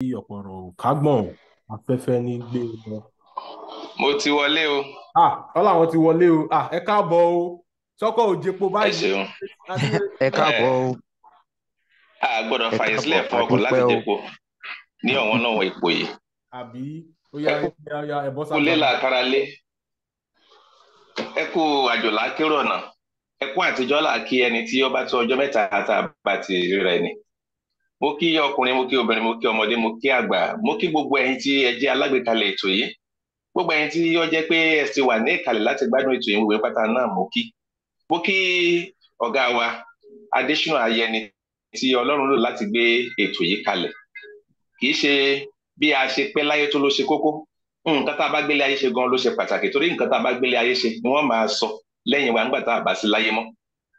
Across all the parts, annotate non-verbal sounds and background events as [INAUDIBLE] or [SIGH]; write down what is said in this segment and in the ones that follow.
tí ọ̀pọ̀rọ̀ ò kágbọ̀n afẹ́fẹ́ ní gbé wọn. mo ti wọlé o. ah ọlá àwọn ti wọlé o ah ẹ káàbọ̀ o sọ́kọ̀ òjèpo báyìí. ẹ ṣeun ẹ káàbọ̀ o. a gbọ́dọ̀ fàyè sílẹ̀ fún ọkọ̀ láti dépò ní ọ̀wọ́n náà ipò yìí. àbí ó yá ya ẹ̀bọ́ sábà. kúlé làkàrà lé ẹ kú àjò làákérò náà ẹ kú àtijọ́ làákí ẹni tí ó bá tó ọjọ́ mẹ́ta àtàbàtì rẹ̀ ni. mo kí ọkùnrin mo obìnrin mo ọmọdé mo àgbà mo gbogbo ẹ̀yin tí ẹ jẹ́ ètò yìí gbogbo ẹ̀yin tí ó jẹ́ pé ẹ ti wà ní ìkàlẹ̀ láti gbádùn ètò yìí wíwẹ pátá náà mo kí ọgá wa Adésínà Ayẹni tí Ọlọ́run lò láti gbé ètò yìí kalẹ̀ kì í ṣe bí a ṣe pẹ́ láyé tó ló ṣe kókó nǹkan tá a bá gbélé ayé ṣe gan ló ṣe pàtàkì torí nǹkan tá a bá gbélé ayé ṣe ni wọ́n máa sọ lẹ́yìn wa nígbà tá a bá sí láyé mọ́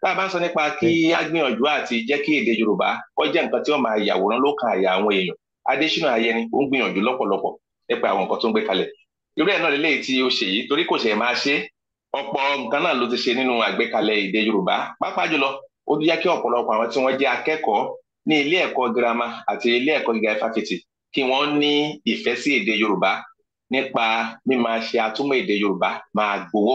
tá a bá ń sọ nípa kí á gbìyànjú àti jẹ́ kí èdè Yorùbá kó jẹ́ nǹkan tí wọ́n máa yàwòrán lọ́kàn àyà àwọn èèyàn Adésínà Ayẹni ó ń gbìyànjú lọ́pọ̀lọpọ̀ nípa àwọn nǹkan tó ń gbé kalẹ̀ irú ẹ̀ náà lélẹ́yìí tí ó ṣe yìí torí kò ṣe máa ṣe ọ̀pọ̀ nǹkan náà ló ti ṣe nínú àgbékalẹ̀ èdè Yorùbá pàápàá jùlọ ó ti jẹ́ kí ọ̀pọ̀lọpọ̀ àwọn tí wọ́n jẹ́ akẹ́kọ̀ọ́ ní ilé ẹ̀kọ́ girama àti ilé ẹ̀kọ́ gíga ifáfitì kí wọ́n ní ìfẹ́ sí èdè Yorùbá nípa mímáa ṣe àtúmọ̀ èdè Yorùbá máa gbowó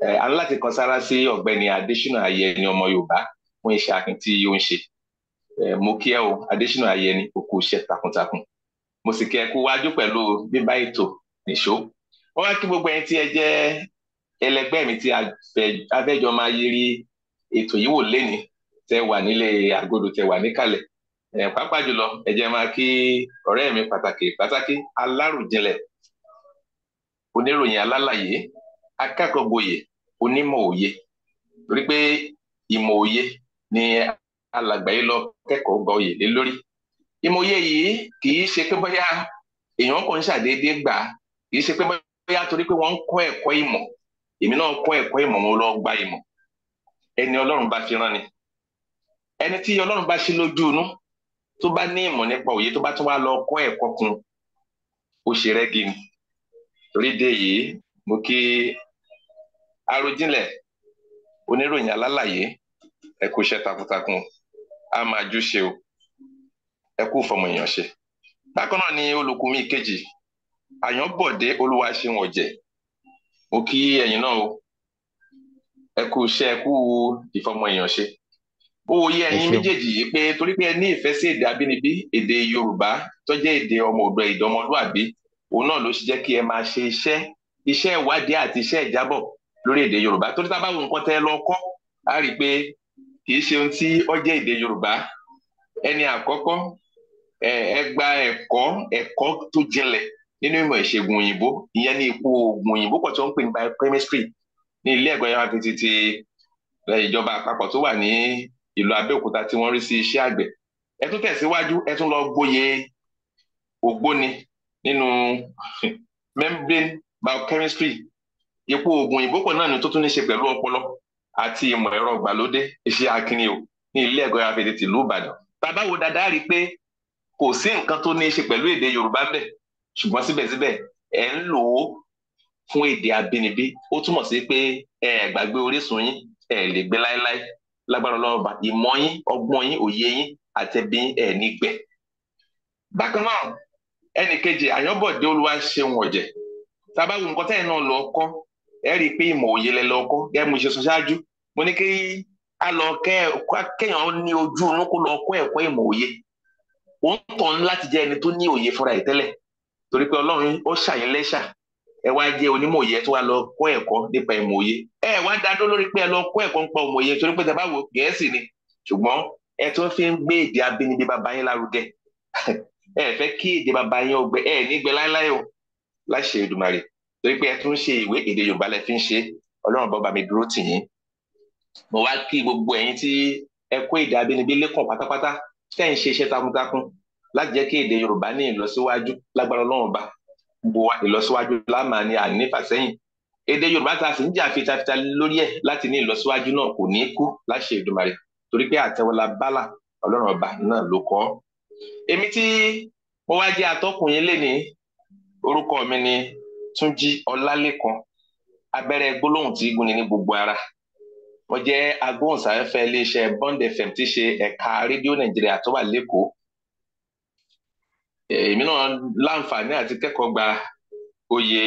a ní láti kan sára sí ọ̀gbẹ́ni Adésínà Ayẹni ọmọ Yorùbá fún iṣẹ́ akin tí ó ń ṣe mo kí ẹ o Adésínà Ayẹni o kú iṣẹ́ takuntakun mo sì kí ẹ kú wájú pẹ̀lú bíbá ètò nìṣó wọn wá kí gbogbo ẹni tí ẹ jẹ́ ẹlẹgbẹ́ mi tí afẹ́jọ máa yiri ètò yìí wò lẹ́ni tẹ wà nílé àgọ́dọ̀ tẹ wà níkàlẹ̀ pàápàá jùlọ ẹ máa kí ọ̀rẹ́ mi pàtàkì pàtàkì aláròjinlẹ̀ oníròyìn alálàyé akẹ́kọ̀ọ́ gboyè onímọ̀ òye torí pé ìmọ̀ òye ni alàgbáyé lọ kẹ́kọ̀ọ́ gba oyè lé lórí ìmọ̀ yìí kì í ṣe pé bóyá èèyàn kò ń ṣàdédé gbà kì í ṣe pé bóyá torí pé wọ́n kọ́ ẹ̀kọ́ ìmọ̀ lọ gba ìmọ̀ ẹni Ọlọ́run bá fi rán ni ẹni tí Ọlọ́run bá tó bá lọ kọ́ ẹ̀kọ́ kun ó ṣe àròjinlẹ̀ oníròyìn alálàyé ẹ kú iṣẹ́ takuntakun a máa jú ṣe o ẹ kú fọmọ èèyàn ṣe bákan náà ni olùkùn mi kejì àyànbọ̀dé olúwaṣeun ọ̀jẹ̀ mo kí ẹ̀yin náà o ẹ kú iṣẹ́ ẹ kú ìfọmọ èèyàn ṣe ó yẹ ẹ̀yin méjèèjì yìí pé torí pé ẹ ní ìfẹ́ sí èdè abínibí èdè yorùbá tó èdè ọmọ ọ̀dọ̀ èdè òun náà ló ṣe jẹ́ kí ẹ máa ṣe iṣẹ́ iṣẹ́ ìwádìí àti iṣẹ́ ìjábọ̀ lórí èdè yorùbá torí tá a bá wo nǹkan tẹ́ lọ kọ́ a rí i pé kì í ṣe ohun tí ó jẹ́ èdè yorùbá ẹni àkọ́kọ́ ẹ gba ẹ̀kọ́ ẹ̀kọ́ tó jinlẹ̀ nínú ìmọ̀ ìṣègùn òyìnbó ìyẹn ní ipò oògùn òyìnbó pọ̀ tí wọ́n ń pè ní biochemistry ní ilé ẹ̀kọ́ yàrá fi ti ìjọba àpapọ̀ tó wà ní ìlú abẹ́òkúta tí wọ́n rí sí iṣẹ́ àgbẹ̀ ẹ tún tẹ̀síwájú ẹ tún lọ gboyè ògbóni nínú [LAUGHS] membrane biochemistry ipò oògùn òyìnbó kan náà ni tó tún ní ṣe pẹ̀lú ọpọlọ àti ìmọ̀ ẹ̀rọ ìgbàlódé iṣẹ́ akínni o ní ilé ẹ̀kọ́ afẹ́dé tìlú Ìbàdàn bàbá wo dáadáa rí i pé kò sí nǹkan tó ní í ṣe pẹ̀lú èdè Yorùbá ń bẹ̀ ṣùgbọ́n síbẹ̀síbẹ̀ ẹ̀ ń lò ó fún èdè abínibí ó túmọ̀ sí pé ẹ gbàgbé orísun yín ẹ lè gbé láéláé lágbára Ọlọ́run bá ìmọ̀ yín ọgbọ́n ẹ rí i pé ìmọ̀ òye lẹ lọ kọ́ gẹ́gẹ́ mo ṣe sọ ṣáájú mo ní kí a lọ kéèyàn ní ojú inú kó lọ kọ́ ẹ̀kọ́ ìmọ̀ òye ó ń tàn láti jẹ́ ẹni tó ní òye fúnra ẹ̀ tẹ́lẹ̀ torí pé ọlọ́run ó ṣàyín lẹ́ṣà ẹ wá jẹ́ onímọ̀ òye tó wá lọ kọ́ ẹ̀kọ́ nípa ìmọ̀ òye ẹ wá dáadọ́ lórí pé ẹ lọ kọ́ ẹ̀kọ́ nípa ìmọ̀ òye torí pé tẹ́ bá wo gẹ̀ẹ́sì ni ṣùgbọ́n ẹ tó fi ń gbé èdè abínibí bàbá yín lárugẹ [LAUGHS] ẹ fẹ́ kí èdè bàbá yín ọgbẹ ẹ nígbẹ láéláé o láṣẹ Èdùmàrè torí pé ẹ tún ṣe ìwé èdè yorùbá lẹ fi ń ṣe ọlọ́run bọ́ba mi dúró tì yín mo wá kí gbogbo ẹ̀yin tí ẹ kó èdè abínibí lẹ́kàn pátápátá tẹ́ ń ṣe iṣẹ́ takuntakun láti jẹ́ kí èdè yorùbá ní ìlọsíwájú lágbára ọlọ́run ba bo ìlọsíwájú láàmà ni àní èdè yorùbá ta sì ń jà fitafita lórí ẹ̀ láti ní ìlọsíwájú náà kò ní kú láṣẹ Èdùmàrè torí pé àtẹwọlá bálà ọlọ́run ọba náà ló kọ́ èmi tí mo wá jẹ́ atọ́kùn yín lénìí orúkọ mi ni túnjí ọlálẹ́kan abẹ́rẹ́ gbólóhùn tí gúnni ní gbogbo ara wọ́n jẹ́ agbóhùnsáfẹ́fẹ́ iléeṣẹ́ bond fm tí ṣe ẹ̀ka rédíò nàìjíríà tó wà lẹ́kọ̀ọ́ èmi náà láǹfààní àti kẹ́kọ̀ọ́ gba oyè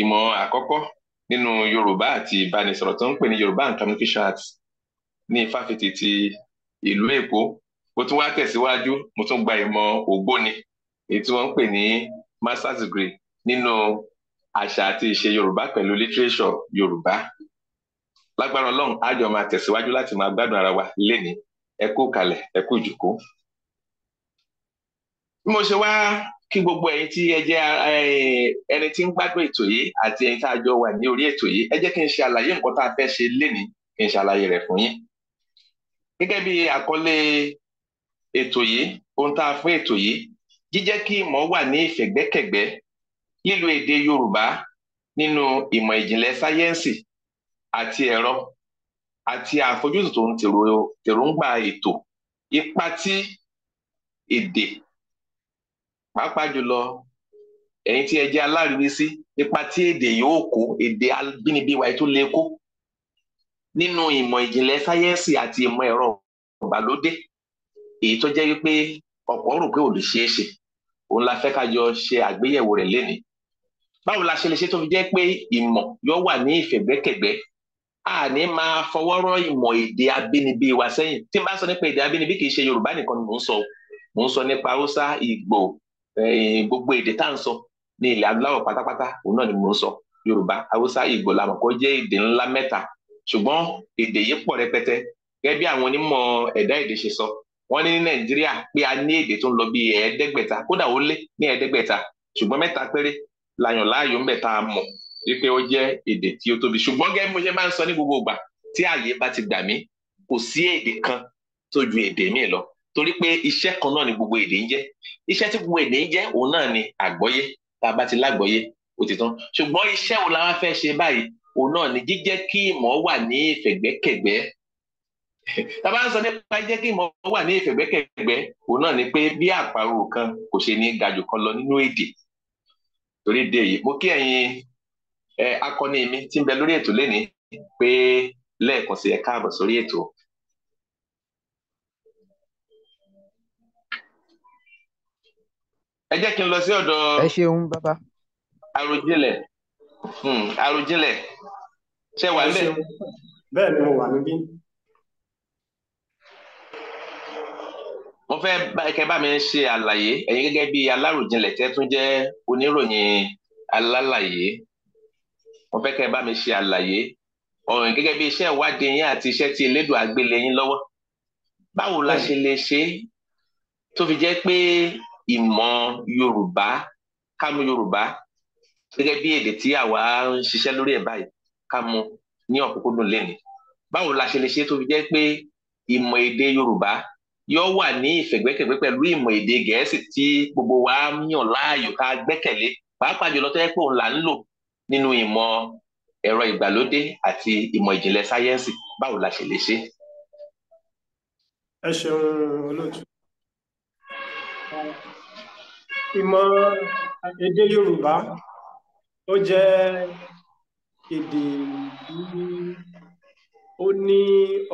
ìmọ̀ àkọ́kọ́ nínú yorùbá àti ìbánisọ̀rọ̀ tó ń pè ní yorùbá and communication arts ní fáfitì ti ìlú èkó mo tún wá tẹ̀síwájú mo tún gba ìmọ̀ ògbóni èyí tí wọ́n ń pè ní masters degree nínú àṣà àti ìṣe Yorùbá pẹ̀lú lítírésọ̀ Yorùbá lágbára Ọlọ́run a jọ máa tẹ̀síwájú láti máa gbádùn ara wa lénìí ẹ kú kalẹ̀ ẹ ìjòkó bí mo ṣe wá kí gbogbo ẹyin tí ẹ jẹ́ ẹni tí ń gbádùn ètò yìí àti ẹ̀yin tá a jọ wà ní orí ètò yìí ẹ jẹ́ kí n ṣe àlàyé nǹkan tá a fẹ́ ṣe lénìí kí n ṣàlàyé rẹ̀ fún yín gẹ́gẹ́ bí àkọlé ètò yìí ohun tá a fún ètò yìí jíjẹ́ kí ìmọ̀ wà ní ìfẹ̀gbẹ́kẹ̀gbẹ́ lílo èdè Yorùbá nínú ìmọ̀ ìjìnlẹ̀ sáyẹ́ǹsì àti ẹ̀rọ àti àfojúsùn tó ń tèròǹgbà ètò ipa tí èdè pàápàá jùlọ ẹ̀yin tí ẹ jẹ́ aláríwísí ipa tí èdè yóò kó èdè abínibí wa tó lè kó nínú ìmọ̀ ìjìnlẹ̀ sáyẹ́ǹsì àti ìmọ̀ ẹ̀rọ ìgbàlódé èyí tó jẹ́ wípé ọ̀pọ̀ rò pé ò lè ṣeé ṣe òun la fẹ́ ká jọ ṣe àgbéyẹ̀wò rẹ̀ lénìí báwo la ṣe lè ṣe tó fi jẹ́ pé ìmọ̀ yóò wà ní ìfẹ̀gbẹ́kẹ̀gbẹ́ a ní máa fọwọ́ rọ́ ìmọ̀ èdè abínibí wa sẹ́yìn tí n bá sọ nípa èdè abínibí kì í ṣe Yorùbá nìkan ni mò ń sọ mò ń sọ nípa Haúsá Ìgbò eh, gbogbo èdè tá à ń sọ ní ilẹ̀ adúláwọ̀ pátápátá òun náà ni mò ń sọ Yorùbá Haúsá Ìgbò làmọ̀ kó jẹ́ èdè ńlá mẹ́ta ṣùgbọ́n èdè yìí pọ̀ rẹpẹtẹ gẹ́gẹ́ bí àwọn onímọ̀ ẹ̀dá èdè ṣe sọ wọ́n ní Nàìjíríà pé a ní èdè tó ń lọ bí ẹ̀ẹ́dẹ́gbẹ̀ta kódà ó lé ní ẹ̀ẹ́dẹ́gbẹ̀ta ṣùgbọ́n mẹ́ta péré la yàn láàyò ń bẹ̀ tá a mọ̀ wípé ó jẹ́ èdè tí ó tóbi ṣùgbọ́n gẹ́gẹ́ mo ṣe máa ń sọ ní gbogbo ìgbà tí ààyè bá ti gbà mí kò sí èdè kan tó ju èdè míì lọ torí pé iṣẹ́ kan náà ni gbogbo èdè ń jẹ́ iṣẹ́ tí gbogbo èdè ń jẹ́ òun náà ni àgbọ́yé tá a bá ti lágbọ́yé ó ti tán ṣùgbọ́n iṣẹ́ wo la wá fẹ́ ṣe báyìí òun náà ni jíjẹ́ kí ìmọ̀ wà ní ìfẹ̀gbẹ́kẹ̀gbẹ́ [LAUGHS] tá a bá ń sọ nípa jẹ́ kí ìmọ̀ wà ní ìfẹ̀gbẹ́kẹ̀gbẹ́ òun náà ni pé bí àparò kan kò ṣe ní gajù kan lọ nínú èdè torí de èyí mo kí ẹ̀yin akọni mi ti ń bẹ lórí ètò lénìí pé lẹ́ẹ̀kan sí ẹ káàbọ̀ sórí ètò. ẹ jẹ́ kí n lọ sí ọ̀dọ̀. ẹ ṣeun bàbá. àròjinlẹ̀ hmm, ṣe wà níbẹ̀. bẹ́ẹ̀ ni mo wà níbí. mo fẹ́ kẹ́ bá mi ṣe àlàyé ẹ̀yin gẹ́gẹ́ bí aláròjinlẹ̀ tẹ́ tún jẹ́ oníròyìn alálàyé mo fẹ́ kẹ́ bá mi ṣe àlàyé ọ̀rìn gẹ́gẹ́ bí iṣẹ́ ìwádìí yín àti iṣẹ́ tí elédùn àgbélé yín lọ́wọ́ báwo la ṣe lè ṣe tó fi jẹ́ pé ìmọ̀ Yorùbá kámú Yorùbá gẹ́gẹ́ bí èdè tí àwa ń ṣiṣẹ́ lórí ẹ̀ báyìí kámú ní ọ̀kúnkúndùn lẹ́nu báwo la ṣe lè ṣe tó fi jẹ́ pé ìmọ̀ èdè Yorùbá yọ wà ní ìfẹ̀gbẹ́kẹ̀gbẹ́ pẹ̀lú ìmọ̀ èdè gẹ̀ẹ́sì tí gbogbo wa yàn láàyò ká gbẹ́kẹ̀lé pàápàá jùlọ tó yẹ pé òun là ń lò nínú ìmọ̀ ẹ̀rọ ìgbàlódé àti ìmọ̀ ìjìnlẹ̀ sáyẹ́ǹsì báwo la ṣe lè ṣe. ẹ ṣeun olóòtú ìmọ̀ èdè Yorùbá ó jẹ́ èdè ó ní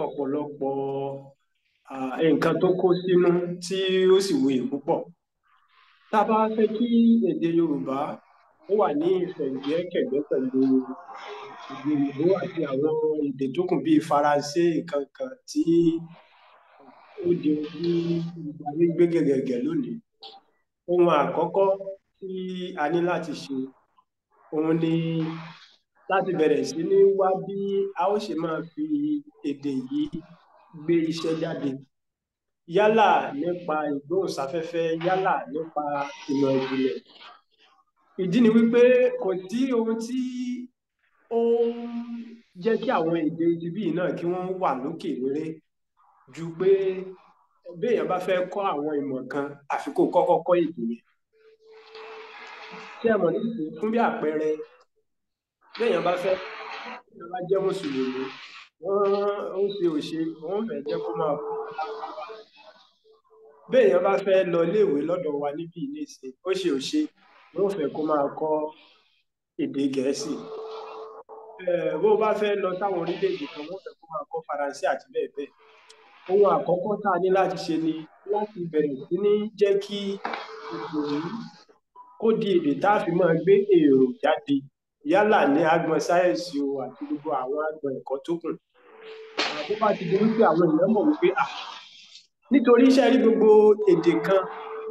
ọ̀pọ̀lọpọ̀ nǹkan tó kó sínú tí ó sì wuyì púpọ̀ tá a bá fẹ́ kí èdè yorùbá ó wà ní ìfẹ̀gbẹ́kẹ̀gbẹ́ pẹ̀lú èdè òyìnbó àti àwọn èdè tó kù bíi faransé nǹkan kan tí ó di ojú ìgbà ní gbégegègè lónìí ohun àkọ́kọ́ tí a ní láti ṣe òun ni láti bẹ̀rẹ̀ sí ní wá bí a ó ṣe máa fi èdè yìí gbé iṣẹ́ jáde yálà nípa ìgbóhùnsáfẹ́fẹ́ yálà nípa ìmọ̀ ìjìnlẹ̀ ìdí ni wípé kò tí ohun tí ó ń jẹ́ kí àwọn èdè ibi náà kí wọ́n wà lókè rere ju pé béèyàn bá fẹ́ kọ́ àwọn ìmọ̀ kan àfi kó kọ́kọ́ kọ́ èdè yẹn tí ẹ mọ̀ nípa fún bí àpẹẹrẹ béèyàn bá fẹ́ béèyàn bá jẹ́ mùsùlùmí wọ́n ó ṣe òṣè wọ́n fẹ́ jẹ́ kó máa kú béèyàn bá fẹ́ lọ iléèwé lọ́dọ̀ wa níbi ìléṣe ó ṣe òṣè wọ́n fẹ́ kó máa kọ́ èdè gẹ̀ẹ́sì bó bá fẹ́ lọ sáwọn orílẹ̀-èdè kan wọ́n fẹ́ kó máa kọ́ faransé àti bẹ́ẹ̀ bẹ́ẹ̀ ohun àkọ́kọ́ tá a ní láti ṣe ni láti bẹ̀rẹ̀ sí ní jẹ́ kí ètò yìí kó di èdè tá a fi máa gbé èrò jáde yálà ní agbọn sáyẹ́ǹsì o àti gbogbo àwọn agbọn ẹ̀kọ́ tó kù bó bá ti di wípé àwọn èèyàn mọ̀ wípé à ah, nítorí iṣẹ́ rí gbogbo èdè kan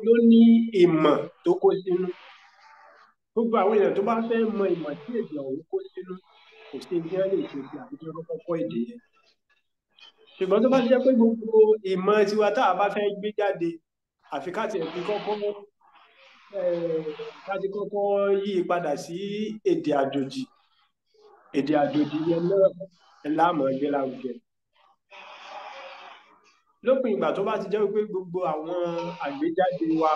ló ní ìmọ̀ tó kó sínú gbogbo àwọn èèyàn tó bá fẹ́ mọ ìmọ̀ tí èdè ọ̀hún kó sínú kò sí ibi wọn lè ṣe ti àbíjọ kọ́kọ́ èdè yẹn ṣùgbọ́n tó bá ti jẹ́ pé gbogbo ìmọ̀ tiwa tá a bá fẹ́ gbé jáde àfi ká tiẹ̀ fi kọ́kọ́ ká ti kọ́kọ́ yí padà sí èdè àjòjì èdè àjòjì yẹn náà láàmú ẹgbẹ́ láwùjẹ lópin ìgbà tó bá ti jẹ́ pé gbogbo àwọn àgbéjáde wa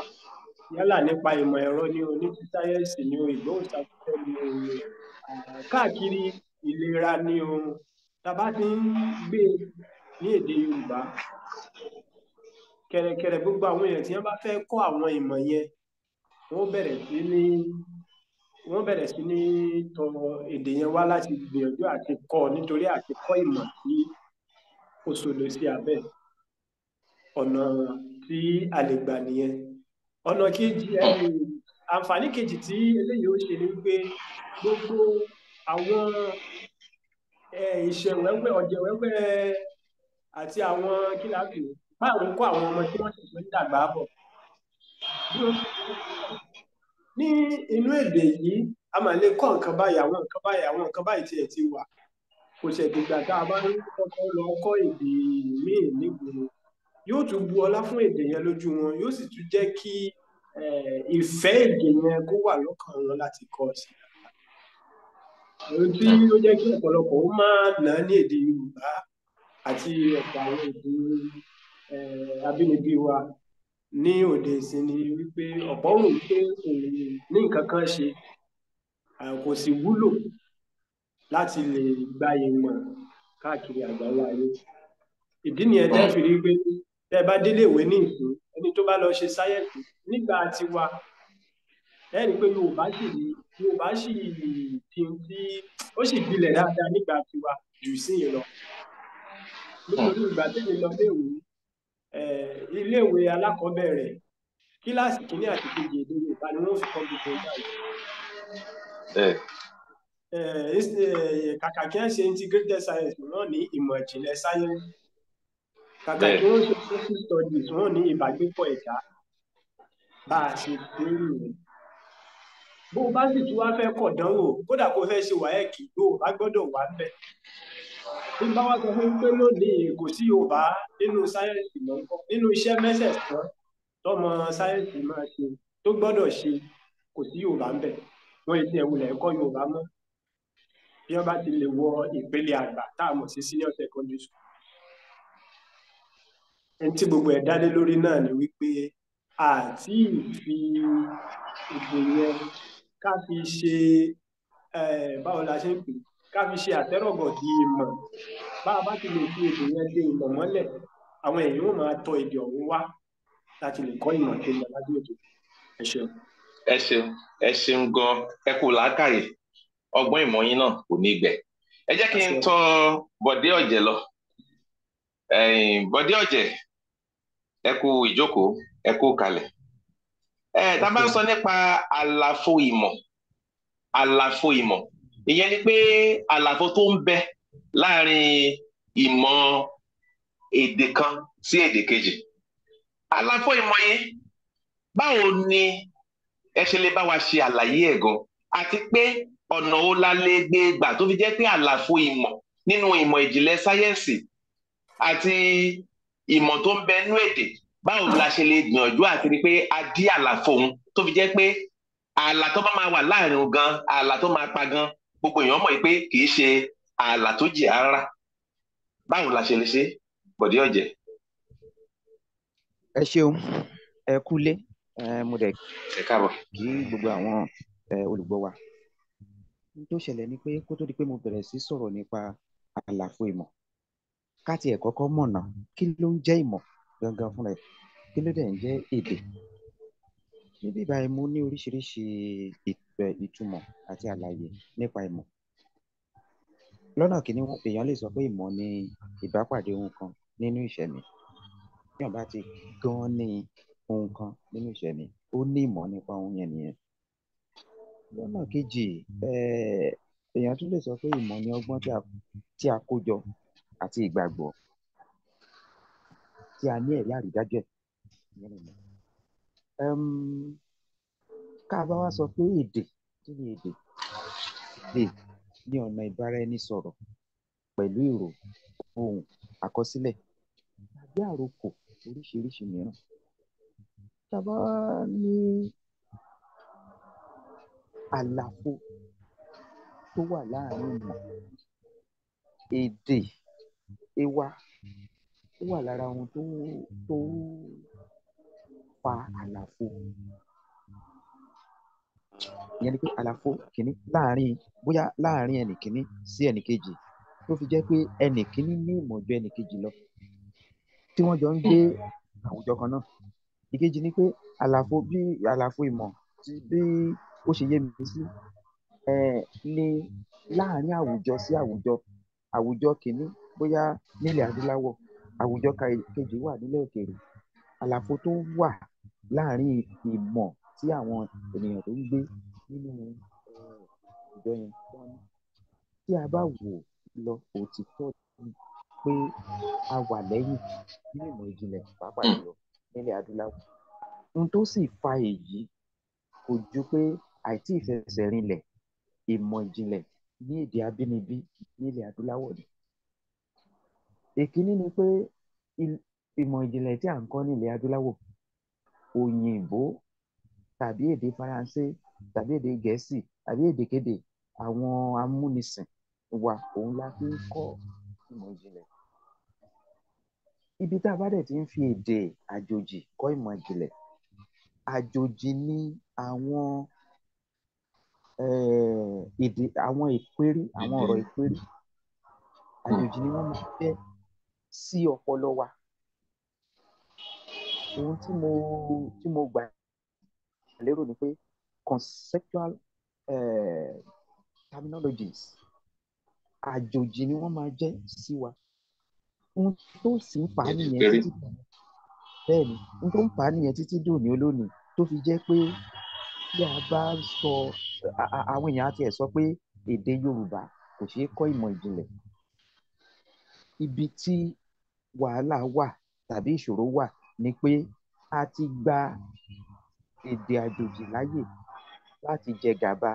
yálà nípa ìmọ̀ ẹ̀rọ ni o ní sáyẹ́ǹsì ni o ìgbóhùnsáfẹ́fẹ́ ni o káàkiri ìlera ni o tàbá ti ń gbé ní èdè Yorùbá kẹ̀rẹ̀kẹ̀rẹ̀ gbogbo àwọn èèyàn tí wọ́n bá fẹ́ kọ́ àwọn ìmọ̀ yẹn wọ́n bẹ̀rẹ̀ sí ní wọ́n bẹ̀rẹ̀ sí ní tọ èdè yẹn wá láti gbìyànjú àti kọ́ nítorí àti kọ́ ìmọ̀ tí kò sòdò sí abẹ́ ọ̀nà tí a lè gbà nìyẹn ọ̀nà kejì àǹfààní kejì tí eléyìí ó ṣe ni pé gbogbo àwọn ìṣẹ̀wẹ́wẹ́ ọ̀jẹ̀wẹ́wẹ́ àti àwọn kíláàsì márùn-ún kó àwọn ọmọ tí wọ́n ṣẹ̀ṣẹ̀ ń dàgbà bọ̀ ní inú èdè yìí a máa lè kọ́ nǹkan báyìí àwọn nǹkan báyìí àwọn nǹkan báyìí tiẹ̀ ti wà kò ṣẹ̀dùgbà tá a bá ń kọ́kọ́ lọ kọ́ èdè míì nígboro yóò tún bu ọlá fún èdè yẹn lójú wọn yóò sì tún jẹ́ kí ìfẹ́ èdè yẹn kó wà lọ́kàn wọn láti kọ́ sí ohun tí ó jẹ́ kí ọ̀pọ̀lọpọ̀ ó máa nà ní èdè Yorùbá àti ọ̀pọ̀ àwọn èdè abínibí wa ní òde ìsinmi wípé ọ̀pọ̀ rò pé kò ní nǹkan kan ṣe kò sì wúlò láti lè gbayì mọ̀ káàkiri àgbáyé ayé ìdí nìyẹn tẹ́ fi rí pé tẹ́ bá délé ìwé ní ìpín ẹni tó bá lọ ṣe sáyẹ̀nsì nígbà tí wa ẹ rí i pé yorùbá sì ní yorùbá sì ti bí ó sì gbilẹ̀ dáadáa nígbà tí wa jù sí yìí lọ nítorí ìgbà tẹ́mi lọ léèwé iléèwé alákọ̀ọ́bẹ̀rẹ̀ kíláàsì kínní àti kejì èdè yorùbá ni wọ́n fi kọ́ gbogbo ìgbà yìí kàkà kí wọ́n ṣe integrated science náà ní ìmọ̀ ìjìnlẹ̀ sáyẹ́nsì kàkà tí wọ́n ṣe social studies wọ́n ní ìbágbépọ̀ ẹ̀dá bá a ṣe lérò rẹ̀ bó o bá sì tún wá fẹ́ kọ̀ dánwò kódà kó fẹ́ ṣe wáyẹ̀kì ló o bá gbọ́dọ̀ wà ń bẹ̀ bí bá wá sọ fún pé lónìí kò sí Yorùbá nínú sáyẹ́ǹsì lọ́kọ́ nínú iṣẹ́ mẹ́sẹ̀sán tọmọ sáyẹ́ǹsì máa ṣe tó gbọ́dọ̀ ṣe kò sí Yorùbá ń bẹ̀ wọ́n ti ẹ̀wù lẹ̀ kọ́ Yorùbá mọ́ bí wọ́n bá ti lè wọ ìpele àgbà tá a mọ̀ sí senior secondary school ẹni tí gbogbo ẹ dálé lórí náà ni wípé àti ìfi èdè yẹn ká fi ṣe báwo la ṣe fi ṣe di ìmọ̀ bá a bá ti lè fi èdè yẹn dé mọ́lẹ̀ àwọn èèyàn ò máa tọ èdè ọ̀hún wá láti lè kọ ìmọ̀ tó ẹ ọgbọ́n náà kò ẹ jẹ́ kí n Bọ̀dé Ọ̀jẹ̀ lọ Bọ̀dé Ọ̀jẹ̀ ẹ kú ìjókòó ẹ kú kalẹ̀ ẹ tá a bá ń sọ nípa àlàfo ìmọ̀ àlàfo ìmọ̀ ìyẹn ni pé àlàfo tó ń bẹ láàrin ìmọ̀ èdè kan sí èdè kejì àlàfo ìmọ̀ yẹn báwo ni ẹ ṣe lè bá wa ṣe àlàyé ẹ̀ gan àti pé ọ̀nà wo la gbé gbà tó fi jẹ́ pé àlàfo ìmọ̀ nínú ìmọ̀ ìjìnlẹ̀ sáyẹ́ǹsì àti ìmọ̀ tó ń bẹ nú èdè báwo la ṣe lè gbìyànjú àti rí pé a dí àlàfo òun tó fi jẹ́ pé ààlà tó bá máa wà láàrin òun gan ààlà tó máa pa gan gbogbo èèyàn mọ̀ pé kì í ṣe ààlà tó jì rárá báwo la ṣe lè ṣe bọ̀dé ọ̀jẹ̀. ẹ ṣeun ẹ kúlé mo dẹ̀ kí gbogbo àwọn olùgbọ́ wa. n tó ṣẹlẹ̀ ni pé kó tó di pé mo bẹ̀rẹ̀ sí sọ̀rọ̀ nípa àlàfo ìmọ̀ ká tiẹ̀ kọ́kọ́ mọ̀nà kí ló ń jẹ́ ìmọ̀ gangan fúnra ẹ̀ kí ló dẹ̀ ń jẹ́ èdè níbí báyìí mo ní oríṣiríṣi ìtumọ̀ àti àlàyé nípa ìmọ̀ lọ́nà kìíní èèyàn lè sọ pé ìmọ̀ ni ìbápàdé ohun kan nínú ìṣẹ̀mí téèyàn bá ti gan ní ohun kan nínú ìṣẹ̀mí ó ní ìmọ̀ nípa ohun yẹn nìyẹn lọ́nà kejì èèyàn tún lè sọ pé ìmọ̀ ni ọgbọ́n tí a kó jọ àti ìgbàgbọ́ tí a ní ẹ̀rí àrídájú ẹ̀. ká bá wá sọ pé èdè kí ni èdè èdè ní ọ̀nà ìbáraẹnisọ̀rọ̀ pẹ̀lú ìrò ohùn àkọsílẹ̀ tàbí àròkọ oríṣiríṣi mìíràn. tá a bá ní àlàfo tó wà láàárín ìmọ̀ èdè Ewa, ó wà lára mm. ohun tó tó fa àlàfo ìyẹn ni pé àlàfo kìíní láàrin bóyá láàrin ẹnì kìíní sí ẹnì kejì tó fi jẹ́ pé ẹnì kìíní ní ìmọ̀ ju ẹnì kejì lọ tí wọ́n jọ ń gbé àwùjọ kan náà ìkejì ni pé àlàfo bí àlàfo ìmọ̀ ti bí ó ṣe yé mi sí ni láàrin àwùjọ sí àwùjọ àwùjọ kìíní bóyá nílẹ̀ adúláwọ̀ àwùjọ kejì wà nílẹ̀ òkèèrè àlàfo tó wà láàárín ìmọ̀ tí àwọn ènìyàn tó ń gbé nínú àwùjọ eh, yẹn wọ́n ní tí a bá wò lọ òtítọ́ ni pé a wà lẹ́yìn nínú ìmọ̀ ìjìnlẹ̀ pàápàá jùlọ nílẹ̀ adúláwọ̀ ohun tó sì fa èyí kò ju pé àìtí ìfẹsẹ̀rinlẹ̀ ìmọ̀ ìjìnlẹ̀ ní èdè abínibí nílẹ̀ adúláwọ̀ ni Èkíní ni pé ìmọ̀ ìjìnlẹ̀ tí à ń kọ́ ní ilẹ̀ adúláwọ̀ òyìnbó tàbí èdè Faransé tàbí èdè Gẹ̀ẹ́sì tàbí èdèkedè àwọn amúnisìn wa òun la fi ń kọ́ ìmọ̀ ìjìnlẹ̀. Ibi tá a bá dẹ̀ ti ń fi èdè àjòjì kọ́ ìmọ̀ ìjìnlẹ̀, àjòjì ni àwọn um èdè àwọn ìpérí àwọn ọ̀rọ̀ ìpérí àjòjì ni wọ́n máa ń sí ọpọlọ wa ohun tí mo tí mo gbà lérò ni pé conceptual uh, terminologies àjòjì ni wọ́n máa jẹ́ sí wa ohun tó sì ń fà á nìyẹn títí bẹ́ẹ̀ ni ohun tó ń fà á nìyẹn títí dòní olónìí tó fi jẹ́ pé tí a bá sọ àwọn èèyàn á tiẹ̀ sọ pé èdè Yorùbá kò ṣeé kọ́ ìmọ̀ ìjìnlẹ̀ ibi tí wàhálà wà tàbí ìṣòro wà ni pé a ti gba èdè àjòjì láyè láti jẹ gàba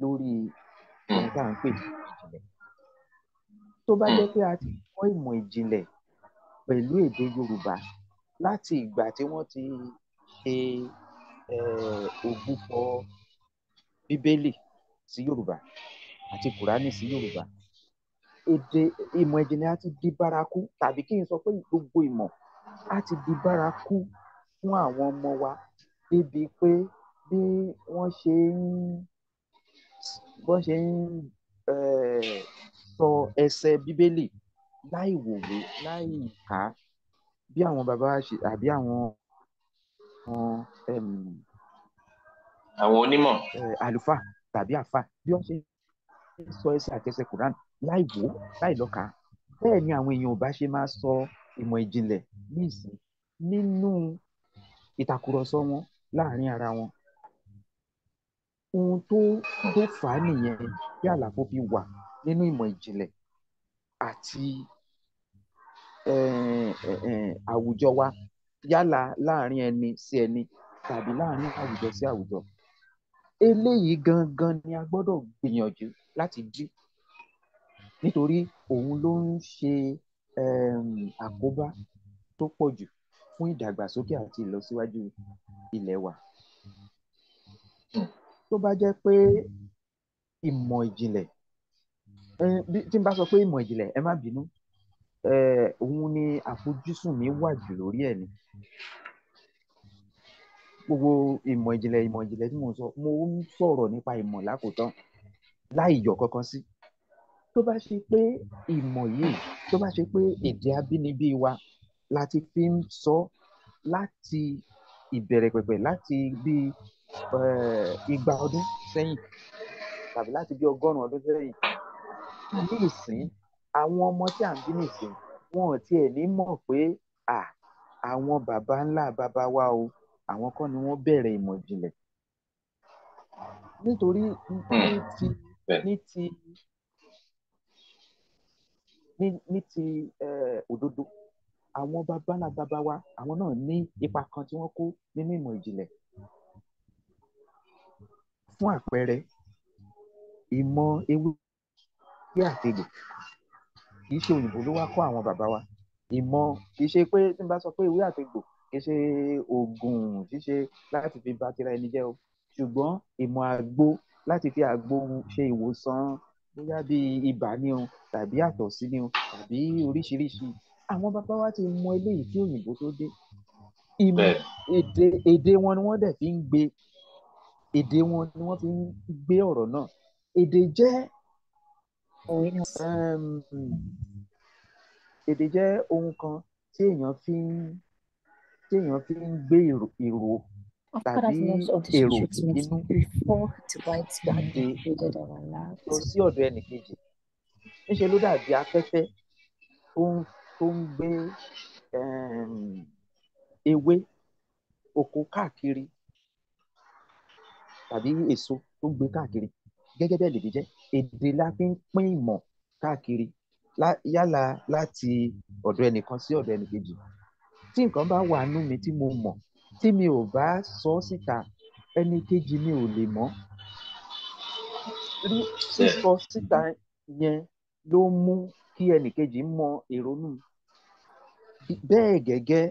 lórí ohun tá à ń pè ní ìjìnlẹ̀. Tó bá jẹ́ pé a ti kọ́ ìmọ̀ ìjìnlẹ̀ pẹ̀lú èdè Yorùbá láti ìgbà tí wọ́n ti ṣe um Bíbélì sí Yorùbá àti Kùránì sí Yorùbá èdè ìmọ̀ ìjìnlẹ̀ á ti di bárakú tàbí kí n sọ pé gbogbo ìmọ̀ á ti di bárakú fún àwọn ọmọ wa débi pé bí wọ́n ṣe ń wọ́n ṣe ń eh, sọ ẹsẹ̀ bíbélì láì wòwe láì kà á bí àwọn bàbá ṣe àbí àwọn àwọn onímọ̀ eh, àlùfáà tàbí àfáà bí wọ́n ṣe ń sọ ẹsẹ̀ àti ẹsẹ̀ láì wò láì lọ́ka bẹ́ẹ̀ ni àwọn èèyàn ò bá ṣe máa sọ ìmọ̀ ìjìnlẹ̀ ní ìsìn nínú ìtàkùrọ̀sọ wọn láàárín ara wọn ohun tó tó fà á nìyẹn bí àlàfo fi wà nínú ìmọ̀ ìjìnlẹ̀ àti àwùjọ wa yálà láàárín ẹni sí ẹni tàbí láàárín àwùjọ sí àwùjọ eléyìí gangan ni a gbọ́dọ̀ gbìyànjú láti dí nítorí òun ló ń ṣe um àkóbá tó pọ̀ jù fún ìdàgbàsókè àti ìlọsíwájú ilẹ̀ wa. Tó bá jẹ́ pé ìmọ̀ ìjìnlẹ̀ tí n bá sọ pé ìmọ̀ ìjìnlẹ̀ ẹ má bínú òun ni àfojúsùn mi wà jù lórí ẹ̀ ni gbogbo ìmọ̀ ìjìnlẹ̀ ìmọ̀ ìjìnlẹ̀ tí mò sọ mo ń sọ̀rọ̀ nípa ìmọ̀ lákòótán láì yọ kankan sí tó bá ṣe pé ìmọ̀ yìí tó bá ṣe pé èdè abínibí wa la ti fi ń sọ láti ìbẹ̀rẹ̀ pẹ̀pẹ̀ láti bí eh, igba ọdún sẹ́yìn tàbí láti bí ọgọ́rùn-ún ọdún sẹ́yìn ní ìsìn àwọn ọmọ tí à ń bí nìsín wọn ò tiẹ̀ ní mọ̀ pé àwọn baba ńlá baba wa o àwọn kọ́ ni wọ́n bẹ̀rẹ̀ ìmọ̀ ìjìnlẹ̀ nítorí ní ti ní ti ní ní ti eh, òdodo àwọn babalá baba wa àwọn náà ní ipa kan tí wọ́n kó nínú ìmọ̀ ìjìnlẹ̀ fún àpẹẹrẹ ìmọ̀ ewé bí àtẹ̀lẹ̀ kì í ṣe òyìnbó ló wá kọ́ àwọn bàbá wa ìmọ̀ kì í ṣe pé tí n bá sọ pé ìwé àtẹ̀gbò kì í ṣe oògùn ṣíṣe láti fi ba tira ẹni jẹ́ o ṣùgbọ́n ìmọ̀ àgbo láti fi àgbo ṣe ìwòsàn bóyá bí ibà ni o tàbí àtọ̀sí ni o tàbí oríṣiríṣi àwọn bàbá wa ti mọ eléyìí kí òyìnbó tó dé ìmọ̀ èdè èdè wọn ni wọ́n dẹ̀ fi ń gbé èdè wọn ni wọ́n fi ń gbé ọ̀rọ̀ náà èdè jẹ́ èdè jẹ́ ohun kan tí èèyàn fi ń tí èèyàn fi ń gbé èrò tàbí èrò ìbínú jáde lọ sí ọ̀dọ̀ ẹnìkejì ńṣe ló dàbí afẹ́fẹ́ tó ń gbé ehm, ewé oko káàkiri tàbí èso tó ń gbé káàkiri gẹ́gẹ́ bẹ́ẹ̀ lèdè jẹ́ èdè la fi ń pín ìmọ̀ káàkiri yálà láti ọ̀dọ̀ ẹnìkan sí ọ̀dọ̀ ẹnìkejì tí nǹkan bá wà nú mi tí mo mọ̀ tí mi ò bá sọ ọ́ síta ẹnì kejì mi ò lè mọ̀ sísọ síta yẹn ló mú kí ẹnì kejì mọ ìrònú bẹ́ẹ̀ gẹ́gẹ́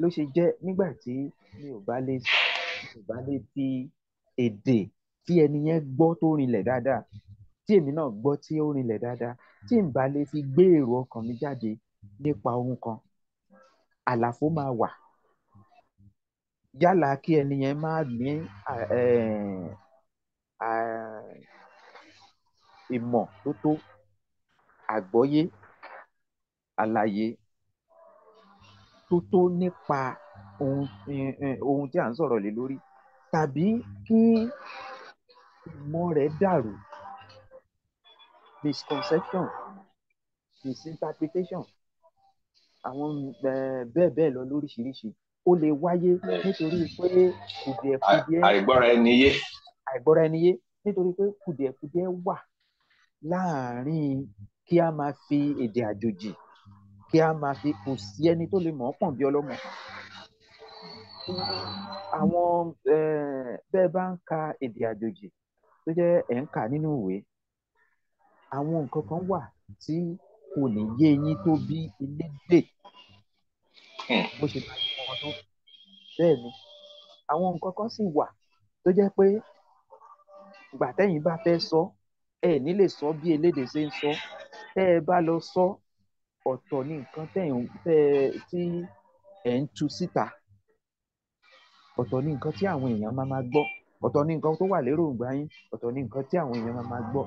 ló ṣe jẹ́ nígbà tí mi ò bá lè mi ò bá lè fi èdè tí ẹni yẹn gbọ́ tó rinlẹ̀ dáadáa tí èmi náà gbọ́ tí ó rinlẹ̀ dáadáa tí n bá lè fi gbé èrò ọkàn mi jáde nípa ohun kan àlàfo máa wà yálà kí ẹni yẹn máà ní um um ìmọ̀ tó tó àgbọ́yé àlàyé tó tó nípa ohun eh, ohun tí à ń sọ̀rọ̀ lé lórí tàbí kí ìmọ̀ rẹ̀ dàrú misconception misinterpretation àwọn um bẹ́ẹ̀ bẹ́ẹ̀ lọ lóríṣiríṣi ó lè wáyé nítorí pé kùdìẹ̀kudiẹ àìgbọ́ra ẹni yé àìgbọ́ra ẹni yé nítorí pé kùdìẹ̀kudiẹ wà láàárín kí a máa fi èdè àjòjì kí a máa fi kù sí ẹni tó lè mọ̀ ọ́ pọ̀n bí ọlọ́mọ àwọn bẹ́ẹ̀ bá ń ka èdè àjòjì tó jẹ́ ẹ̀ ń kà nínú ìwé àwọn nǹkan kan wà tí kò ní yé yín tó bí elédè hmm. bó ṣe máa tó bẹ́ẹ̀ ni àwọn nǹkan kan sì wà tó jẹ́ pé ìgbà tẹ́yìn bá fẹ́ sọ ẹ ní lè sọ bí elédè ṣe ń sọ tẹ́ ẹ bá lọ sọ ọ̀tọ̀ ni nǹkan tẹ́yìn tẹ́ ẹ tí ẹ̀ ń tú síta ọ̀tọ̀ ni nǹkan tí àwọn èèyàn máa máa gbọ́ ọ̀tọ̀ ni nǹkan tó wà léròǹgbà yín ọ̀tọ̀ ni nǹkan tí àwọn èèyàn máa máa gbọ́.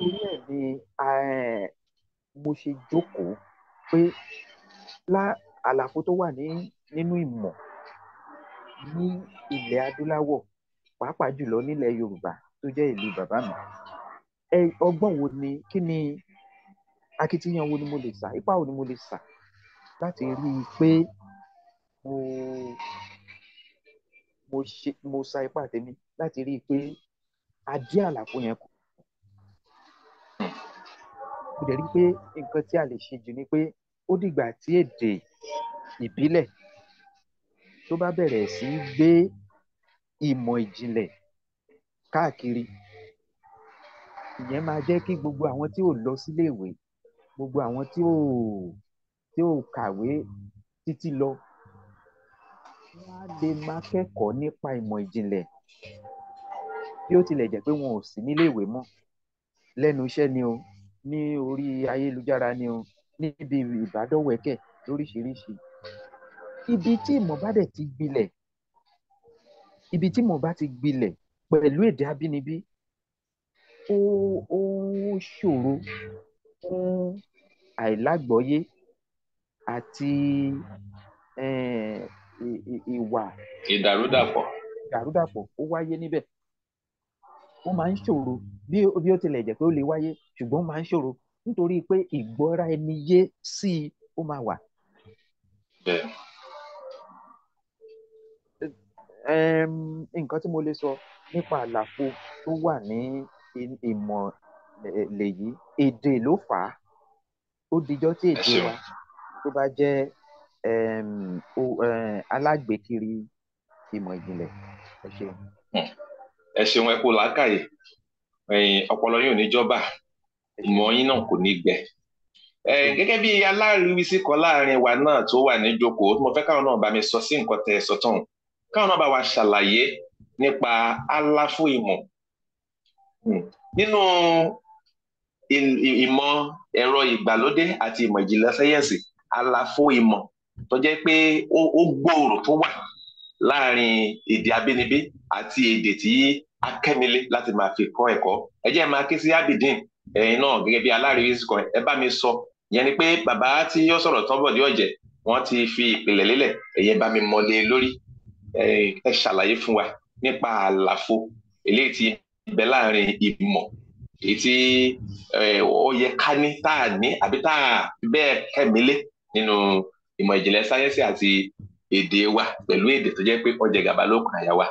nítorí ẹ̀ ni mo ṣe jókòó pé lá àlàfo tó wà ní nínú ìmọ̀ ní ilẹ̀ adúláwọ̀ pàápàá jùlọ nílẹ̀ yorùbá tó jẹ́ ìlú bàbá mi ẹ ọgbọ́n wo ni kí ni akitiyan wo ni mo lè sà ipá wo ni mo lè sà láti rí i pé mo mo ṣe mo sa ipá tèmi láti rí i pé a dín àlàfo yẹn kù mo dẹ̀ rí i pé nǹkan tí a lè ṣe jù ni pé ó dìgbà tí èdè ìbílẹ̀ tó bá bẹ̀rẹ̀ sí í gbé ìmọ̀ ìjìnlẹ̀ káàkiri ìyẹn máa jẹ́ kí gbogbo àwọn tí ò lọ síléèwé gbogbo àwọn tí ò tí ò kàwé títí lọ wọ́n á lè máa kẹ́kọ̀ọ́ nípa ìmọ̀ ìjìnlẹ̀ bí ó tilẹ̀ jẹ́ pé wọn ò sí níléèwé mọ́ lẹ́nu iṣẹ́ ni o ní orí ayélujára ni o níbi ìbádọ́wẹ̀kẹ̀ lóríṣiríṣi ibi tí ìmọ̀ bá dẹ̀ ti gbilẹ̀ ibi tí ìmọ̀ bá ti gbilẹ̀ pẹ̀lú èdè abínibí ó ó ṣòro fún àìlágbọ́yé àti eh, ìwà ìdàrúdàpọ̀ ìdàrúdàpọ̀ ó wáyé níbẹ̀ ó máa ń ṣòro bí ó tilẹ̀ jẹ́ pé ó lè wáyé ṣùgbọ́n ó máa ń ṣòro nítorí pé ìgbọ́ra ẹni yé sí i ó máa wà. nǹkan tí mo lè sọ nípa àlàfo tó wà ní ìmọ̀ eh, lèyí èdè ló fà á ó dijọ́ tí èdè wa tó bá jẹ́ eh, alágbèékiri ìmọ̀ ìjìnlẹ̀ ẹ ṣeun. ẹ ṣeun ẹ kú làákàyè ọpọlọ yóò níjọba mọyín náà kò ní gbẹ hmm. gẹ́gẹ́ bí aláriwísí kan láàrin wa náà tó wà níjókòó mo fẹ́ káwọn náà bá mi sọ sí nǹkan tẹ́ ẹ sọ tán káwọn náà bá wa ṣàlàyé nípa aláfó ìmọ̀ hmm. nínú ìmọ̀ ẹ̀rọ ìgbàlódé àti ìmọ̀ ìjìnlẹ̀ sáyẹ́ǹsì àlàfo ìmọ̀ tó jẹ́ pé ó gbòòrò tó wà láàrin èdè abínibí àti èdè tí akẹ́nilé láti máa fi kọ́ ẹ̀kọ́ ẹ jẹ́ máa ké sí Abidin ẹ̀yin náà gẹ́gẹ́ bí aláriwí sìkọ ẹ bá mi sọ ìyẹn ni pé bàbá tí yóò sọ̀rọ̀ tọ́bọ̀dé ọ̀jẹ̀ wọ́n ti fi ìpìlẹ̀ lélẹ̀ ẹ̀yẹ bá mi mọ́lé lórí ẹ ṣàlàyé fún wa nípa àlàfo eléyìí ti bẹ láàrin ìmọ̀ èyí tí ó yẹ ká ní tá a ní àbí tá a bẹ́ẹ̀ kẹ́mílé nínú ìmọ̀ ìjìnlẹ̀ sáyẹ́nsì àti èdè wa pẹ̀lú èdè tó jẹ́ pé ọjà ìgàba ló kàn yà wa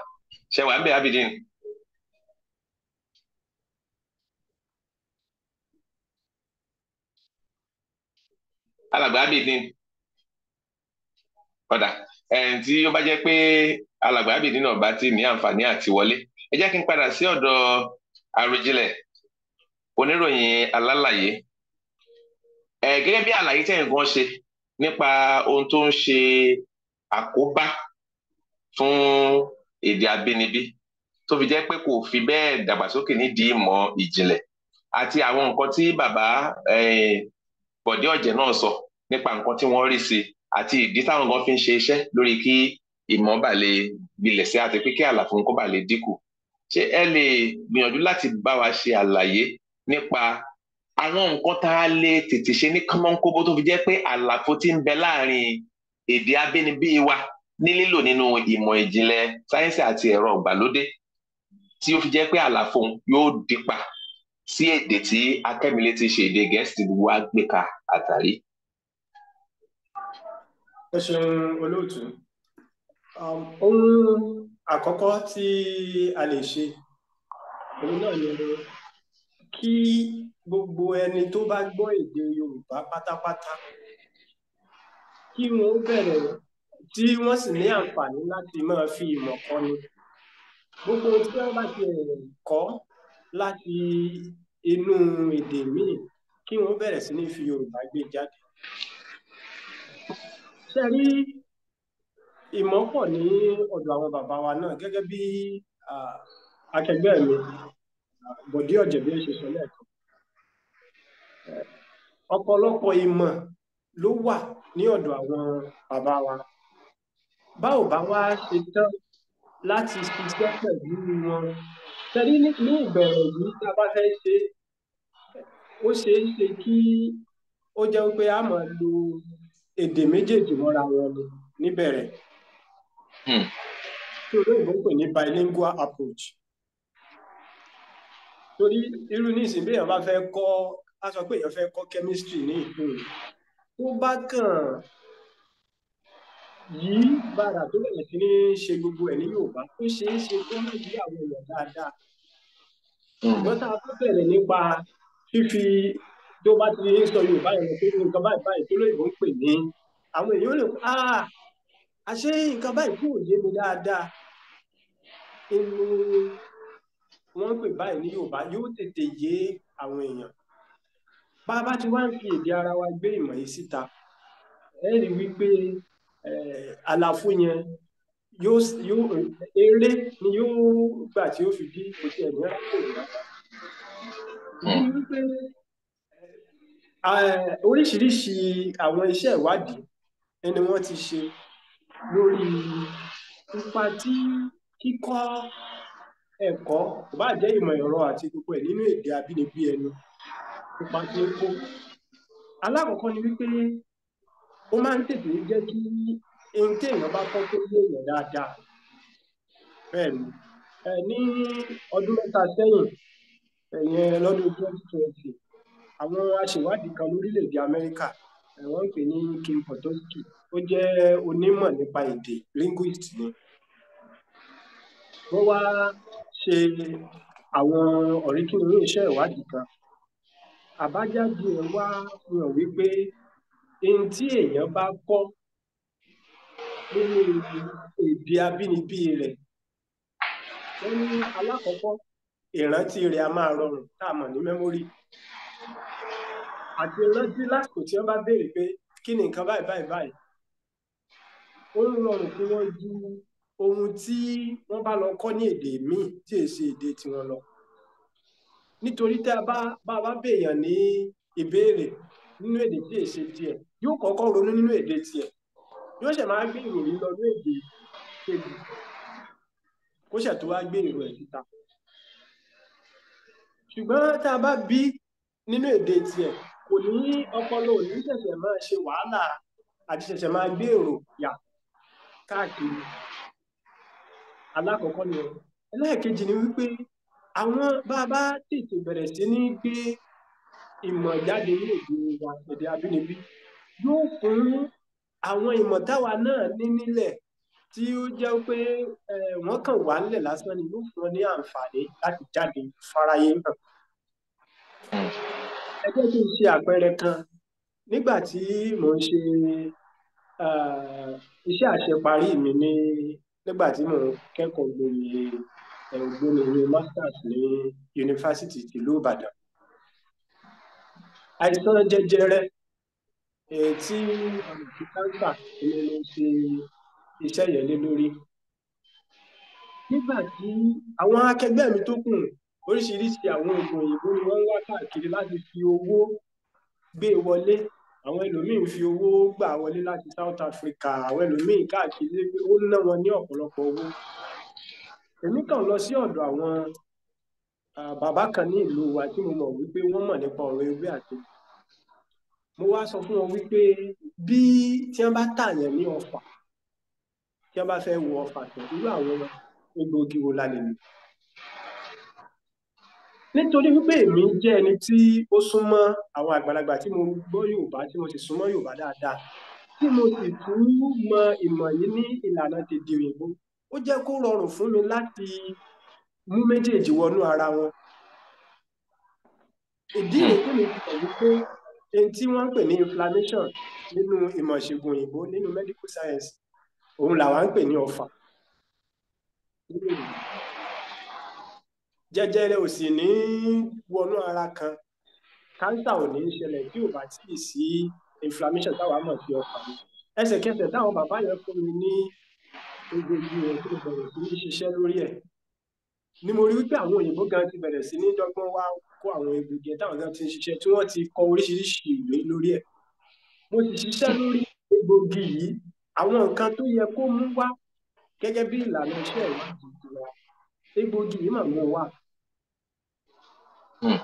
ṣẹwàá ń bẹ abidin. alàgbà abidin ọ̀dà tí ó bá jẹ́ pé alàgbà abidin náà bá ti ní àǹfààní àti wọlé ẹ jẹ́ kí n padà sí ọ̀dọ̀ àròjinlẹ̀ oníròyìn alálàyé ẹ gẹ́gẹ́ bí àlàyé tẹ̀yìn gan ṣe nípa ohun tó ń ṣe àkóbá fún èdè abínibí tó fi jẹ́ pé kò fi bẹ́ẹ̀ dàgbàsókè nídìí ìmọ̀ ìjìnlẹ̀ àti àwọn nǹkan tí bàbá Bọ̀dé Ọ̀jẹ̀ náà sọ nípa nǹkan tí wọ́n rí sí àti ìdí táwọn kan fi ń ṣe iṣẹ́ lórí kí ìmọ̀ bà lè gbilẹ̀ sí àti pé kí àlàfo nǹkan bà lè dínkù. Ṣé ẹ lè gbìyànjú láti bá wa ṣe àlàyé nípa àwọn nǹkan tá a lè tètè ṣe ní kánmọ́nkóbó tó fi jẹ́ pé àlàfo ti ń bẹ láàrin èdè abínibí wa ní lílò nínú ìmọ̀ ìjìnlẹ̀ sáyẹ́nsì àti ẹ̀rọ ìgbàlódé tí ó fi jẹ́ pé àlàfo yóò dípa sí èdè tí akẹ́milé ti ṣe èdè gẹ̀ẹ́sì gbogbo àgbéka àtàrí. ẹ ṣeun olóòtú um, ohun àkọ́kọ́ tí a lè ṣe òun náà ni kí gbogbo ẹni tó bá gbọ́ èdè yorùbá pátápátá kí wọ́n bẹ̀rẹ̀ tí wọ́n sì ní àǹfààní láti máa fi ìmọ̀ kọ́ni gbogbo tí wọ́n bá ti kọ́ láti inú èdè míì kí wọ́n bẹ̀rẹ̀ sí ní fi Yorùbá gbé jáde. ṣe rí ní ọ̀dọ̀ àwọn bàbá wa náà gẹ́gẹ́ bí akẹgbẹ́ mi Bọ̀dé Ọ̀jẹ̀bí ṣe sọ lẹ́ẹ̀kan ọ̀pọ̀lọpọ̀ ìmọ̀ ló wà ní ọ̀dọ̀ àwọn bàbá wa báwo bá wá ṣe tán láti ṣiṣẹ́ pẹ̀lú wọn tẹ̀lé ní ìbẹ̀rẹ̀ yìí tá a bá fẹ́ ṣe ó ṣeé ṣe kí ó jẹ́ pé a máa lo èdè méjèèjì mọ́ra wọn ni níbẹ̀rẹ̀ hmm. tí olóògbé pè ní bilingual approach torí irú ní ìsìn bí èèyàn bá fẹ́ kọ́ a sọ pé èèyàn fẹ́ kọ́ chemistry ní ìpín tó bá kàn yí bàrà tó bẹ̀rẹ̀ sí ní ṣe gbogbo ẹ̀ ní Yorùbá tó ṣeé ṣe tó ń rí àwọn èèyàn dáadáa. wọ́n hmm. tá a tó bẹ̀rẹ̀ nípa fífi tó bá ti sọ Yorùbá yẹn pé nǹkan báyìí báyìí tó lóyìnbó ń pè ní àwọn èèyàn lè pa àṣé ah, nǹkan báyìí kò yé mi dáadáa. inú wọ́n pè báyìí ní Yorùbá yóò tètè yé àwọn èèyàn. bá a bá ti wá ń fi èdè ara wa gbé ìmọ̀ yìí síta ẹ rí wípé Eh, àlàfo yẹn yóò yóò eré ni yóò gbà tí ó fi bí kò sí ẹ̀mí àkókò wípé eh, eh, oríṣiríṣi àwọn iṣẹ́ ìwádìí ẹni wọ́n ti ṣe lórí ipa tí kíkọ́ ẹ̀kọ́ kò bá jẹ́ ìmọ̀ ẹ̀rọ àti gbogbo ẹ̀ nínú èdè abínibí ẹnu ipa tí ó kó alákọ̀ọ́kọ́ ni wípé ó máa ń tètè jẹ́ kí ohun téèyàn bá kọ́ tó yé èèyàn dáadáa bẹ́ẹ̀ ni ẹ ní ọdún mẹ́ta sẹ́yìn ẹ̀yẹn lọ́dún twenty twenty àwọn aṣèwádìí kan lórílẹ̀‐èdè Amẹ́ríkà wọ́n ń pè ní Kim Potosky ó jẹ́ onímọ̀ nípa èdè linguist ni wọ́n wá ṣe àwọn ọ̀ríkìnrin iṣẹ́ ìwádìí kan àbájáde ẹ̀ wá fi hàn wípé n tí èèyàn bá kọ́ nínú èdè abínibí rẹ̀ wọ́n ní alákọ̀ọ́kọ́ ìrántí rẹ̀ a máa rọrùn tá a mọ̀ ní mẹ́mórì àti rántí lásìkò tí wọ́n bá béèrè pé kí ni nǹkan báyìí báyìí báyìí ó ń rọrùn fún wọn ju ohun tí wọ́n bá lọ kọ́ ní èdè míì tí è ṣe èdè tiwọn lọ nítorí tá a bá bá a bá béèyàn ní ìbéèrè nínú èdè tí èṣe tiẹ yóò kọ́kọ́ ronú nínú èdè tiẹ yóò ṣe máa gbé ìròyìn lọ ní èdè kejì kó ṣẹ̀ tó wá gbé ìròyìn ẹ̀ síta ṣùgbọ́n tá a bá bí nínú èdè tiẹ̀ kò ní ọpọlọ ò ní ṣẹ̀ṣẹ̀ máa ṣe wàhálà àti ṣẹ̀ṣẹ̀ máa gbé èrò yà káàkiri alákọ̀ọ́kọ́ ni ẹlẹ́ẹ̀kejì ni wípé àwọn bá a bá tètè bẹ̀rẹ̀ sí ní gbé ìmọ̀ jáde ní èdè wa èdè abínibí yóò fún àwọn ìmọ̀ táwa náà ní nílẹ̀ tí ó jẹ́ pé wọ́n kàn wà nílẹ̀ lásán ni yóò fún ọ ní àǹfààní láti jáde fáráyé náà. ẹ jẹ́ kí n ṣe àpẹẹrẹ kan nígbà tí mò ń ṣe iṣẹ́ àṣeparí mi ní nígbà tí mò ń kẹ́kọ̀ọ́ gboyè ògbóni masters ní yunifásitì tìlú Ìbàdàn àìsàn jẹjẹrẹ èyí tí káńtà ló ló ṣe iṣẹ́ yẹn lé lórí nígbà tí àwọn akẹgbẹ́ mi tó kù oríṣiríṣi àwọn oògùn òyìnbó ni wọ́n wá káàkiri láti fi owó gbé wọlé àwọn ẹlòmíín fi owó gbà wọlé láti South Africa àwọn ẹlòmíín káàkiri ó ná wọn ní ọ̀pọ̀lọpọ̀ owó èmi kàn lọ sí ọ̀dọ̀ àwọn bàbá kan ní ìlú wa tí mo mọ̀ wípé wọ́n mọ̀ nípa ọ̀rọ̀ ewé àti mo wá sọ fún wọn wípé bí tí wọ́n bá tààyàn ní ọfà tí wọ́n bá fẹ́ wo ọfà tó irú àwọn egbògi wo la lè lò nítorí wípé èmi jẹ́ ẹni tí ó súnmọ́ àwọn àgbàlagbà tí mo gbọ́ Yorùbá tí mo sì súnmọ́ Yorùbá dáadáa tí mo sì tún mọ ìmọ̀ yìí ní ìlànà tèdè òyìnbó ó jẹ́ kó rọrùn fún mi láti mú méjèèjì wọnú ara wọn ìdí ìyókù mi pọ̀ wípé ẹni tí wọ́n ń pè ní inflammation nínú ìmọ̀ ìṣègùn òyìnbó nínú medical science òun làwọn ń pè ní ọ̀fà jẹjẹrẹ ò sì ní wọnú ara kan káńtà ò ní ṣẹlẹ̀ tí ò bá tí ì sí inflammation táwa mọ̀ sí ọ̀fà ẹsẹ̀kẹsẹ̀ táwọn bàbá yẹn fún mi ní gbogbo ẹ̀ tó bẹ̀rẹ̀ sí ṣiṣẹ́ lórí ẹ̀ ni mo rí wípé àwọn òyìnbó gan ti bẹ̀rẹ̀ sí ní dọ́gbọ́n wá kó àwọn egbògi táwọn gan ti ń ṣiṣẹ́ tí wọ́n ti kọ oríṣiríṣi ìwé lórí ẹ̀ mo sì ṣiṣẹ́ lórí egbògi yìí àwọn nǹkan tó yẹ kó mú wá gẹ́gẹ́ bí ìlànà iṣẹ́ ìwádìí wa egbògi yìí mà mú wá. Hmm.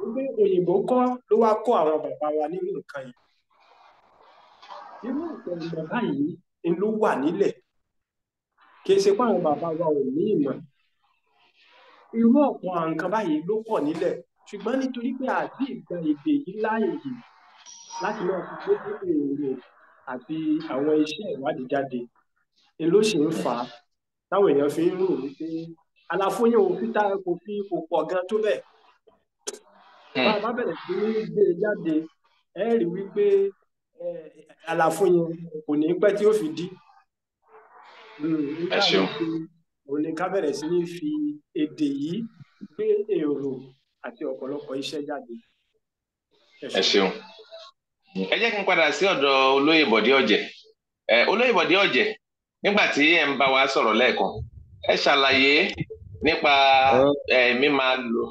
wípé òyìnbó kọ́ ló wá kó àwọn bàbá wa nínú nǹkan yìí irú ìtẹ̀lẹ̀ báyìí ló wà nílẹ̀ kì í ṣe pé àwọn bàbá wa ò ní ìmọ̀ irú ọ̀pọ̀ nǹkan báyìí ló pọ̀ nílẹ̀ ṣùgbọ́n nítorí pé àti ìgbà èdè yìí láàyè láti máa fi gbé èrò àti àwọn iṣẹ́ ìwádìí jáde èló ṣì ń fà á táwọn èèyàn fi ń rò wípé àlàfo yẹn ò fi tára kò fi kò pọ̀ gan tó bẹ́ẹ̀. bá a bá bẹ̀rẹ̀ sí ní gbé e jáde ẹ rí wípé àlàfo yẹn kò ní pẹ́ tí ó fi dí. ẹ ṣeun. òun ni ká bẹ̀rẹ̀ sí ní fi òde yìí gbé èrò àti ọ̀pọ̀lọpọ̀ iṣẹ́ jáde. ẹ ṣeun ẹ jẹ́ kí n padà sí ọ̀dọ̀ olóyè Bọ̀dé Ọ̀jẹ̀ olóyè Bọ̀dé Ọ̀jẹ̀ nígbà tí ẹ ń bá wa sọ̀rọ̀ lẹ́ẹ̀kan ẹ ṣàlàyé nípa mímáa lo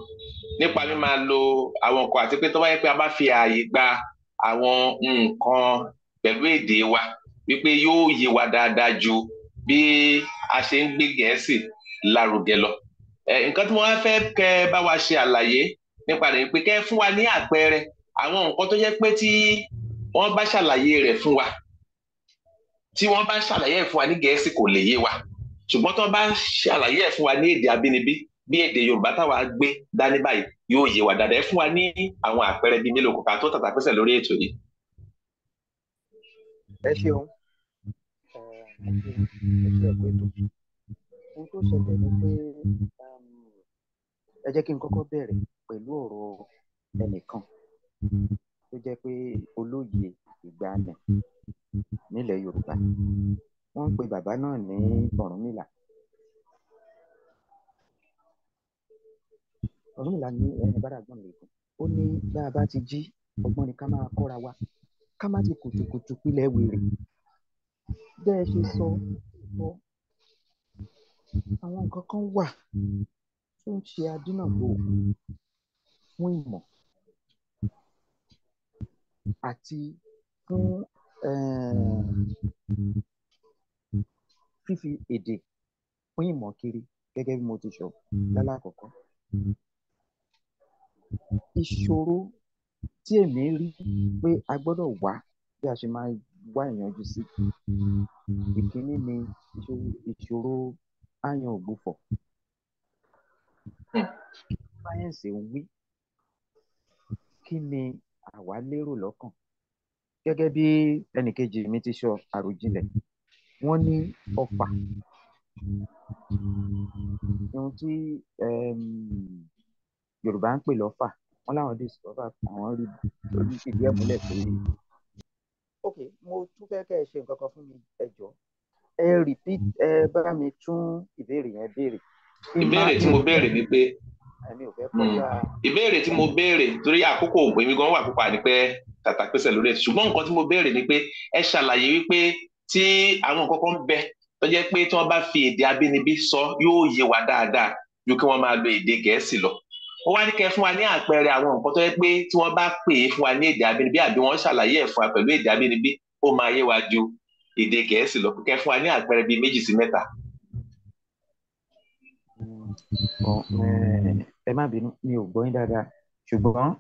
nípa mímáa lo àwọn nǹkan àti pé tó bá yẹ pé a bá fi ààyè gba àwọn nǹkan pẹ̀lú èdè wa wípé yóò yé wa dáadáa ju bí a ṣe ń gbé Gẹ̀ẹ́sì lárugẹ lọ. Eh, nǹkan tí mo wá fẹ́ kẹ́ bá wa ṣe àlàyé nípa rẹ̀ pé kẹ́ fún wa ní àpẹẹrẹ àwọn nǹkan tó jẹ́ pé tí wọ́n bá ṣàlàyé rẹ̀ fún wa tí wọ́n bá ṣàlàyé ẹ̀ fún wa ní gẹ̀ẹ́sì kò lè yé wa ṣùgbọ́n tí wọ́n bá ṣàlàyé ẹ̀ fún wa ní èdè abínibí bí èdè yorùbá táwa gbé dání báyìí yóò yé wa dáadáa ẹ fún wa ní àwọn àpẹẹrẹ bíi mélòó kọkà tó tàtà pẹ́sẹ̀ lórí ètò yìí. ẹ ṣeun ẹ ṣe ẹ̀kọ́ ètò ohun tó ṣẹlẹ̀ ni pé ẹ jẹ́ kí n kọ́kọ́ bẹ̀rẹ̀ mm. pẹ̀lú ọ̀rọ̀ mm. ẹnìkan tó jẹ́ pé olóye ìgbàanì nílẹ̀ yorùbá wọ́n ń pe bàbá náà ní ọ̀rúnmìlà ọ̀rúnmìlà ní ẹni bára gbọ́n lè gùn ó ní bá a bá ti jí ọgbọ́n ni ká máa kọ́ra wa ká má ti kùtùkùtù pilẹ̀ wèrè bẹ́ẹ̀ ṣe sọ àwọn nǹkan kan wà tún ṣe adínàbò mm. fún ìmọ̀ àti fún um fífi èdè pín ìmọ̀ kiri gẹ́gẹ́ bí mo ti sọ lálákọ̀ọ́kọ́. Ìṣòro tí èmi rí pé a gbọ́dọ̀ wá bí a ṣe máa wá ìyanjú sí. Ìkíní ni ìṣòro aáyán ògbufọ̀ sáyẹ́ǹsì ń wí kí ni àwa lérò lọ́kàn gẹ́gẹ́ bí ẹnìkejì mi ti sọ àròjinlẹ̀ wọ́n ní ọfà ohun tí Yorùbá ń pè lọ́fà wọ́n láwọn dé sọ́fà àwọn rí lórí ìdí ẹ̀ múlẹ̀ pé ok mo tún fẹ́ kẹ́ ẹ ṣe nǹkan kan fún mi ẹ jọ̀ọ́ ẹ repeat ẹ bá mi tún ìbéèrè yẹn béèrè ìbéèrè tí mo béèrè ni pé hmm. ìbéèrè tí mo béèrè torí àkókò èmi gan wà púpà ni pé tàtàpẹ́sẹ̀ lórí ètò ṣùgbọ́n nǹkan tí mo béèrè ni pé ẹ ṣàlàyé wípé tí àwọn nǹkan kan ń bẹ tó jẹ́ pé tí wọ́n bá fi èdè abínibí sọ yóò yé wa dáadáa ju kí wọ́n máa lo èdè gẹ̀ẹ́sì lọ ó wá ní kẹ́ fún wa ní àpẹẹrẹ àwọn nǹkan tó jẹ́ pé tí wọ́n bá pè é fún wa ní èdè abínibí àbí wọ́n ṣàlàyé ẹ̀ fún wa pẹ̀lú èdè abínibí ó máa yé wa ju èdè gẹ̀ẹ́sì lọ kẹ́ fún wa ní àpẹẹrẹ bíi méjì sí mẹ́ta Mm. Eh, ẹ má bínú mi ò gbọ́ yín dáadáa ṣùgbọ́n.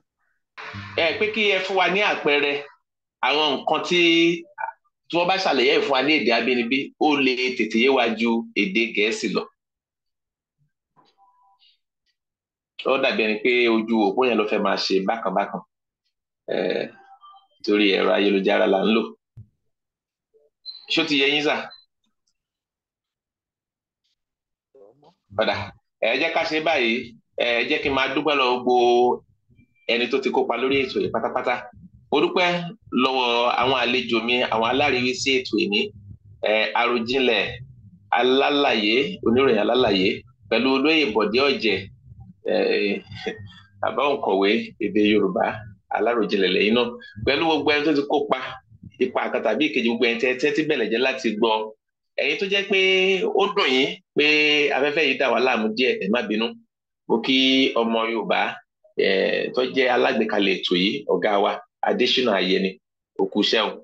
ẹ pé kí ẹ fún wa ní àpẹẹrẹ àwọn nǹkan tí tí wọ́n bá ṣàlàyé ẹ̀ fún wa ní èdè abínibí ó lè tètè yé wa ju èdè gẹ̀ẹ́sì lọ. ó dàbí ẹni pé ojú òpó yẹn ló fẹ́ máa ṣe bákànbákan torí ẹ̀rọ ayélujára là ń lò ṣó ti yẹ yín sà. padà ẹ jẹ́ ká ṣe báyìí ẹ jẹ́ kí n máa dúpẹ́ lọ gbogbo ẹni tó ti kópa lórí ètò yìí pátápátá mo dúpẹ́ lọ́wọ́ àwọn àlejò mi àwọn aláriwí sí ètò ìní àròjinlẹ̀ alálàyé oníròyìn alálàyé pẹ̀lú olóyè bọ̀dé ọ̀jẹ̀ bàbá òǹkọ̀wé èdè yorùbá aláròjinlẹ̀ lẹ́yìn náà pẹ̀lú gbogbo ẹni tó ti kópa ipa àkàtà bí ìkejì gbogbo ẹni tẹ́tí bẹ̀rẹ̀ jẹ́ láti gbọ́ ẹ̀yin tó jẹ́ pé ó dùn yín pé afẹ́fẹ́ yìí dà wá láàmú díẹ̀ ẹ má bínú mo kí ọmọ Yorùbá tó jẹ́ alágbèékalẹ̀ ètò yìí ọ̀gá wa Adésínà Ayẹni òkú sẹ́wọ̀n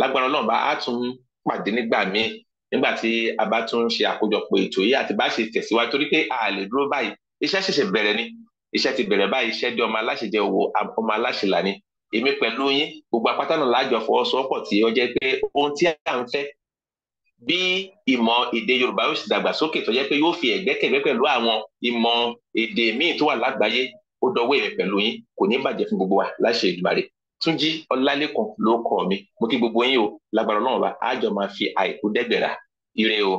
lágbára Ọlọ́run bá a tún pàdé nígbà míì nígbà tí a bá tún ṣe àkójọpọ̀ ètò yìí àti bá ṣe tẹ̀síwájú torí pé a lè dúró báyìí iṣẹ́ ṣẹ̀ṣẹ̀ bẹ̀rẹ̀ ni iṣẹ́ ti bẹ̀rẹ̀ báyìí iṣẹ́ dé ọmọ aláṣẹ jẹ́ owó ọmọ aláṣẹ là ní èmi pẹ̀lú yín gbogbo apátánà láàjọ fọwọ́sowọ́pọ̀ tí ó jẹ́ pé ohun tí à ń fẹ́ bí ìmọ̀ èdè yorùbá yóò sì dàgbàsókè tó jẹ́ pé yóò fi ẹ̀gbẹ́kẹ̀gbẹ́ pẹ̀lú àwọn ìmọ̀ èdè míì tó wà lágbàáyé ó dọwọ́ èmi pẹ̀lú yín kò ní bàjẹ́ fún gbogbo wa láṣẹ Èdùmàrè túnjí ọlálẹ́kùn ló kọ́ mi mo kí gbogbo yín o lágbára ọlọ́run wa àjọ máa fi àìkú dẹ́gbẹ̀rà ire o.